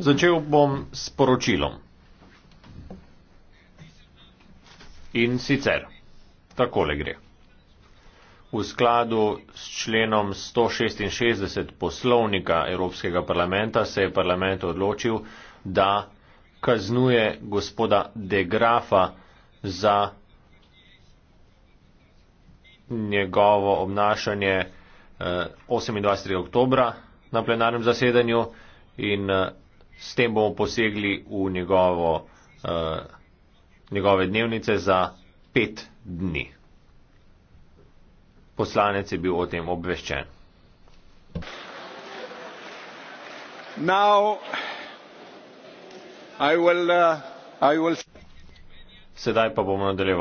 Začel bom s poročilom. In sicer takole gre. V skladu s členom 166 poslovnika Evropskega parlamenta se je parlament odločil, da kaznuje gospoda De Grafa za njegovo obnašanje 28. Eh, oktobra na plenarnem zasedanju in eh, s tem bomo posegli v njegovo, uh, njegove dnevnice za pet dni. Poslanec je bil o tem obveščen. Now, will, uh, will... Sedaj pa bomo nadaljevali.